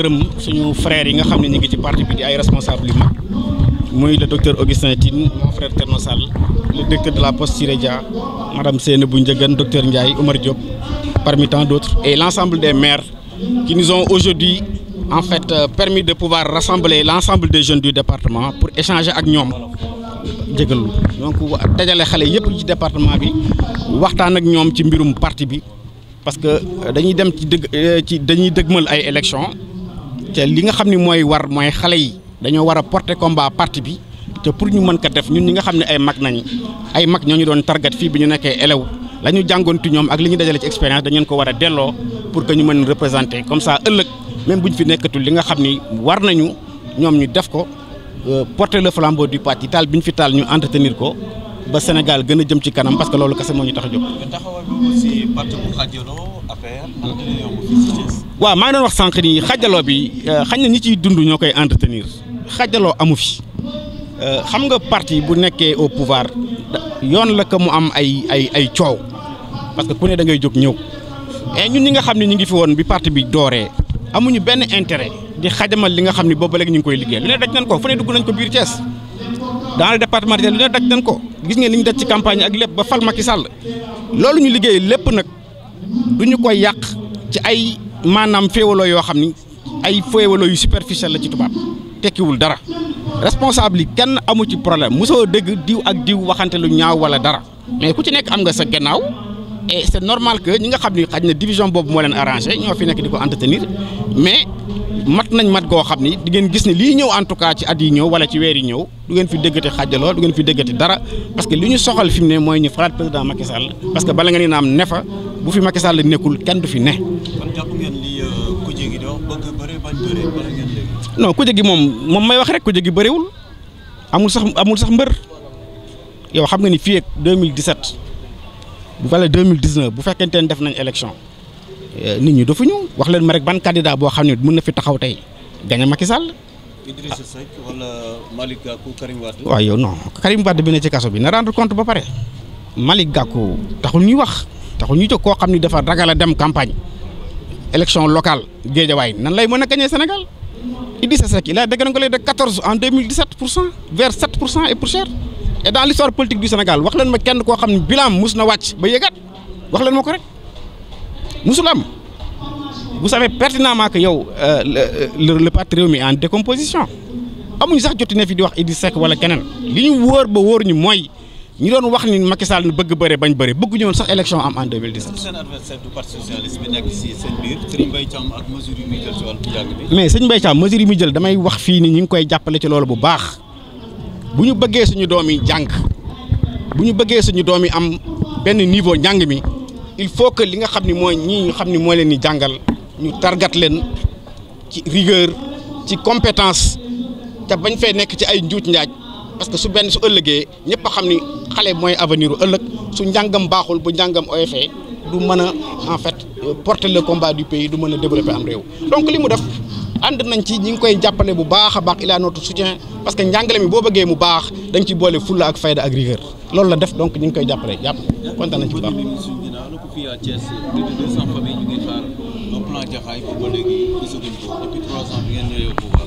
gërëm suñu frères yi nga xam ne ñu ngi ci parti bi di ay responsable yu mag muy le docteur Augustin Tine mon frère Thierno Sall le directeur de la poste Siré Dia madame Seynabou Ndiagane docteur Ndiaye Omar Diop parmi tant d'autres l'ensemble des maires qui nous aujourd'hui en fait euh, permis de pouvoir rassembler l'ensemble des jeunes du département pour échanger ak ñoom jégalu donc dajale xale yëpp ci département bi waxtaan ak ñoom ci mbirum parti bi parce que dañuy dem te li nga xam ni mooy war mooy xale yi dañoo war a porter combat parti bi te pour ñu mën ko def ñun ñi nga xam ne ay mag nañ ay mag ñoo ñu doon targat fii bi ñu nekkee élève lañu ñu jàngoonti ñoom ak li ñu dajale ci expérience dañu ko war a delloo pour que ñu mën représenter comme ça ëllëg même bu ñu fi nekkatul li nga xam ni war nañu ñoom ñu def ko euh, porter le flambeau du parti taal bi ñu fi taal ñu entretenir ko. ba Sénégal gën a jëm ci kanam parce que loolu kese moo ñu tax a jóg. waaw maa ngi doon wax sànq ni xajaloo bi euh, xañ na ñi ciy dund ñoo koy entretenir xajaloo amu fi euh, xam nga parti bu nekkee au pouvoir yoon la ko mu am ay ay ay coow parce que ku ne da ngay jóg ñëw et ñun ñi nga xam ne ñu ngi fi woon bi parti bi dooree amuñu benn intérêt di xajamal li nga xam ne boobu léegi ñu ngi koy liggéey lu ne daj nañ ko fu ne dugg nañ ko biir Thiès. dans le département de lu ne daj nañ ko gis ngeen li ñu daj ci campagne ak lépp ba fal Macky Sall loolu ñu liggéey lépp nag du ñu koy yàq ci ay maanaam féewaloo yoo xam ni ay féewaloo yu superficiel la ci tubaab tekkiwul dara responsable yi kenn amu ci problème mosoo dégg diw ak diw waxante lu ñaaw wala dara mais ku ci nekk am nga sa gannaaw et c'est normal que ñi nga xam ni xaj na division boobu moo leen arrangé ñoo fi nekk di ko entretenir mais mat nañ mat goo xam ni di ngeen gis ne lii ñëw en tout cas ci at yi ñëw wala ci weer yi ñëw du ngeen fi déggati xaajaloo du ngeen fi déggati dara parce que li ñu soxal fi mu ne mooy ñu falaat président Macky Sall parce que bala nga ni naam ne fa bu fi Macky Sall nekkul kenn du fi ne. kon euh, kuje gi doon bëgg bëri gi moom moom may wax rek kuje gi bëriwul amul sax amul sax mbër yow xam nga ni fii ak 2017 wala 2019 bu fekkente ne def nañ élection. Euh, nit ñi dafa ñu wax leen ma rek ban candidat boo xam ne mën na fi taxaw tey gañ a ki Sall. Idrissa Seck wala Malick Gakou Karim Wade. waaw yow non Karim Wade bi ne ci kaso bi na rendre compte ba pare ñuy wax taxul ñuy jóg koo xam ni dafa ragal dem campagne élection locale Guédiawaye nan lay mën a gañee Sénégal Idrissa Seck il a dégringolé de 14 en 2017 pour cent vers 7 pour et pour l'histoire politique du Sénégal wax leen ma kenn koo xam ne bilan mus na wàcc ba yëgaat wax leen ma ko rek. musul am vous savez pertinemment que yow euh, la le parti Rewmi en décomposition amuñu sax jotti ne fi di wax Idrissa Seck wala keneen li ñu wóor ba wóor ñu mooy ñu doon wax ni Macky Sall nu bëgg bëre bañ bëre bëgguñu woon sax élection am en 2017. seen adversaire du parti socialiste bi nekk ci seen biir Serigne Mbaye Thiam bi. mais Serigne Mbaye Thiam mesure yi muy jël damay wax fii ni ñu ngi koy jàppale ci loolu bu baax bu ñu bëggee suñu doom yi jàng bu ñu bëggee suñu doom yi am benn niveau njàng mi. il faut que li nga xam ni mooy ñii ñu xam ni moo leen di jàngal ñu targat leen ci rigueur ci compétence te bañ fee nekk ci ay njuuj njaaj parce que su benn su ëllëgee ñëpp a xam ni xale mooy avenir ëllëg su njàngam baaxul bu njàngam oyofee du mën a en fait porte le combat du pays du mën a développer am réew donc li mu def ànd nañ ci ñi ngi koy jàppale bu baax a baax il a notre parce que njàngale mi boo bëggee mu baax dañ nga ci boole fulla ak fayda ak rigueur loolu la def donc ñu ngi koy jàppale jàpp kontaan nañ ci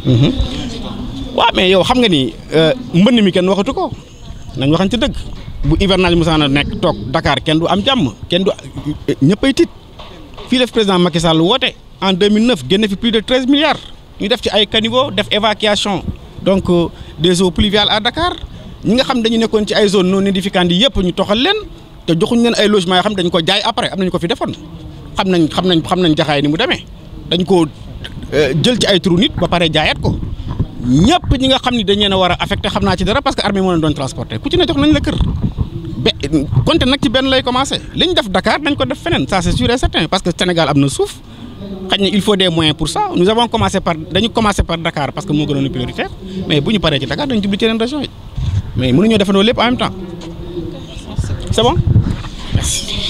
bu mm-hmm. yow xam nga ni euh, mbënn mi kenn waxatu ko nañ waxan ci dëgg bu hivernage mu saana nekk toog dakaar kenn du am jàmm kenn du euh, ñëppay tiit fii def président Macky Sall woote en 2009 génne fi plus de 13 milliards ñu def ci ay caniveau def évacuation. donc euh, des eaux pluviales à Dakar ñi nga xam dañu nekkoon ci ay zone non aedificandi yëpp ñu toxal leen te joxuñ leen ay logement yoo xam dañ ko jaay après am nañu ko fi defoon xam nañ xam nañ xam nañ jaxaay ni demee dañ ko euh, jël ci ay turu nit ba pare jaayaat ko ñëpp ñi nga xam ni dañ leen a war a affecté xam naa ci dara parce que armée moo leen doon transporté ku ci ne jox nañ la kër ba compte nag ci benn lay commencé li ñu def Dakar nañ ko def feneen ça c'est sûr certain parce que Sénégal am na suuf xaj na il faut des moyens pour ça nous avons commencé par par Dakar parce que moo gënoon prioritaire mais bu ñu paree ci Dakar dañu jublu ci yeneen yi mais mënuñoo defandoo lépp en même temps c'est